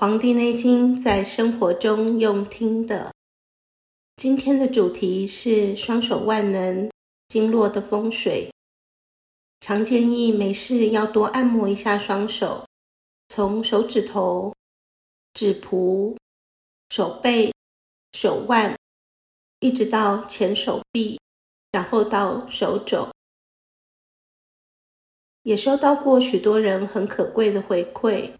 《黃帝內經》在生活中用聽的，今天的主題是雙手萬能經絡的風水，常建議沒事要多按摩一下雙手，從手指頭、指蹼、手背、手腕，一直到前手臂，然後到手肘，也收到過許多人很可貴的回饋，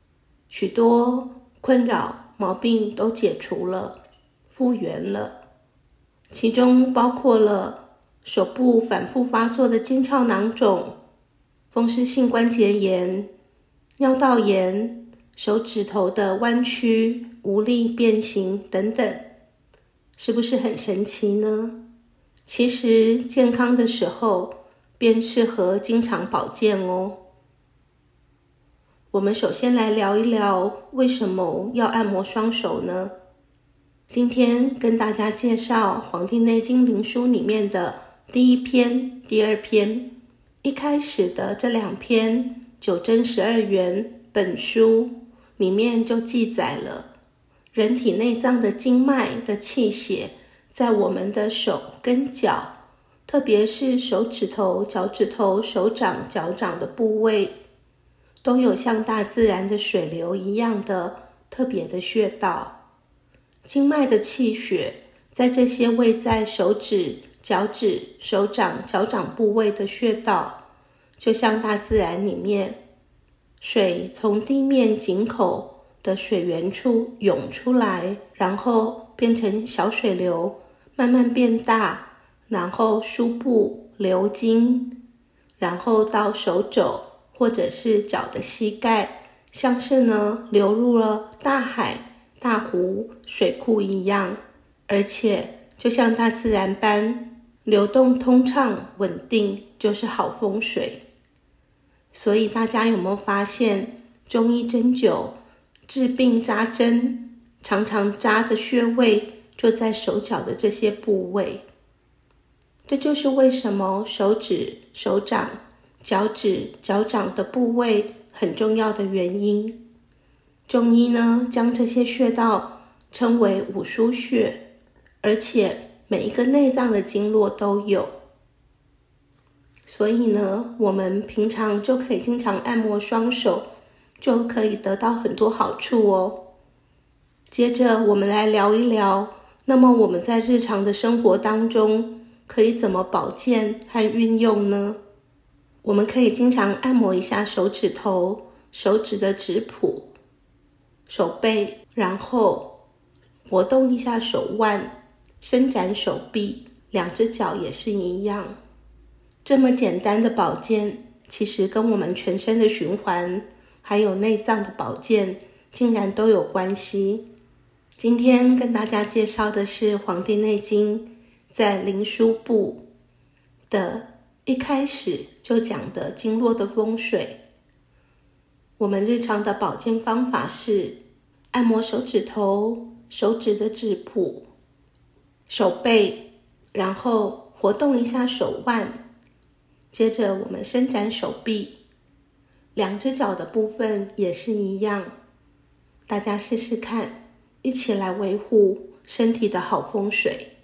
許多困擾毛病都解除了，復原了，其中包括了手部反覆發作的腱鞘囊腫、風濕性關節炎、尿道炎、手指頭的彎曲、無力、變形等等，是不是很神奇呢？其實健康的時候便適合經常保健哦。我們首先來聊一聊為什麼要按摩雙手呢？今天跟大家介紹《黃帝內經靈樞》裡面的第一篇、第二篇，一開始的這兩篇《九針十二原》本輸裡面就記載了人體內臟的經脈的氣血，在我們的手跟腳，特別是手指頭、腳趾頭、手掌、腳掌的部位。都有像大自然的水流一樣的特別的穴道。經脈的氣血，在這些位在手指、腳趾、手掌、腳掌部位的穴道，就像大自然裡面水從地面井口的水源處湧出來，然後變成小水流，慢慢變大，然後輸布流經，然後到手肘。或者是腳的膝蓋，像是呢流入了大海、大湖、水庫一樣，而且就像大自然般流動通暢、穩定，就是好風水。所以大家有沒有發現，中醫針灸治病扎針，常常扎的穴位就在手腳的這些部位？這就是為什麼手指、手掌。腳趾、腳掌的部位很重要的原因。中醫呢將這些穴道稱為五腧穴，而且每一個內臟的經絡都有。所以呢，我們平常就可以經常按摩雙手，就可以得到很多好處哦。接着，我們來聊一聊，那麼我們在日常的生活當中可以怎麼保健和運用呢？我們可以經常按摩一下手指頭、手指的指蹼、手背，然後活動一下手腕，伸展手臂，兩隻腳也是一樣。這麼簡單的保健，其實跟我們全身的循環還有內臟的保健竟然都有關係。今天跟大家介紹的是《黃帝內經》在靈樞部的，一開始就講的經絡的風水，我們日常的保健方法是按摩手指頭、手指的指蹼，手背，然後活動一下手腕，接着我們伸展手臂，兩只腳的部分也是一樣，大家試試看，一起來維護身體的好風水。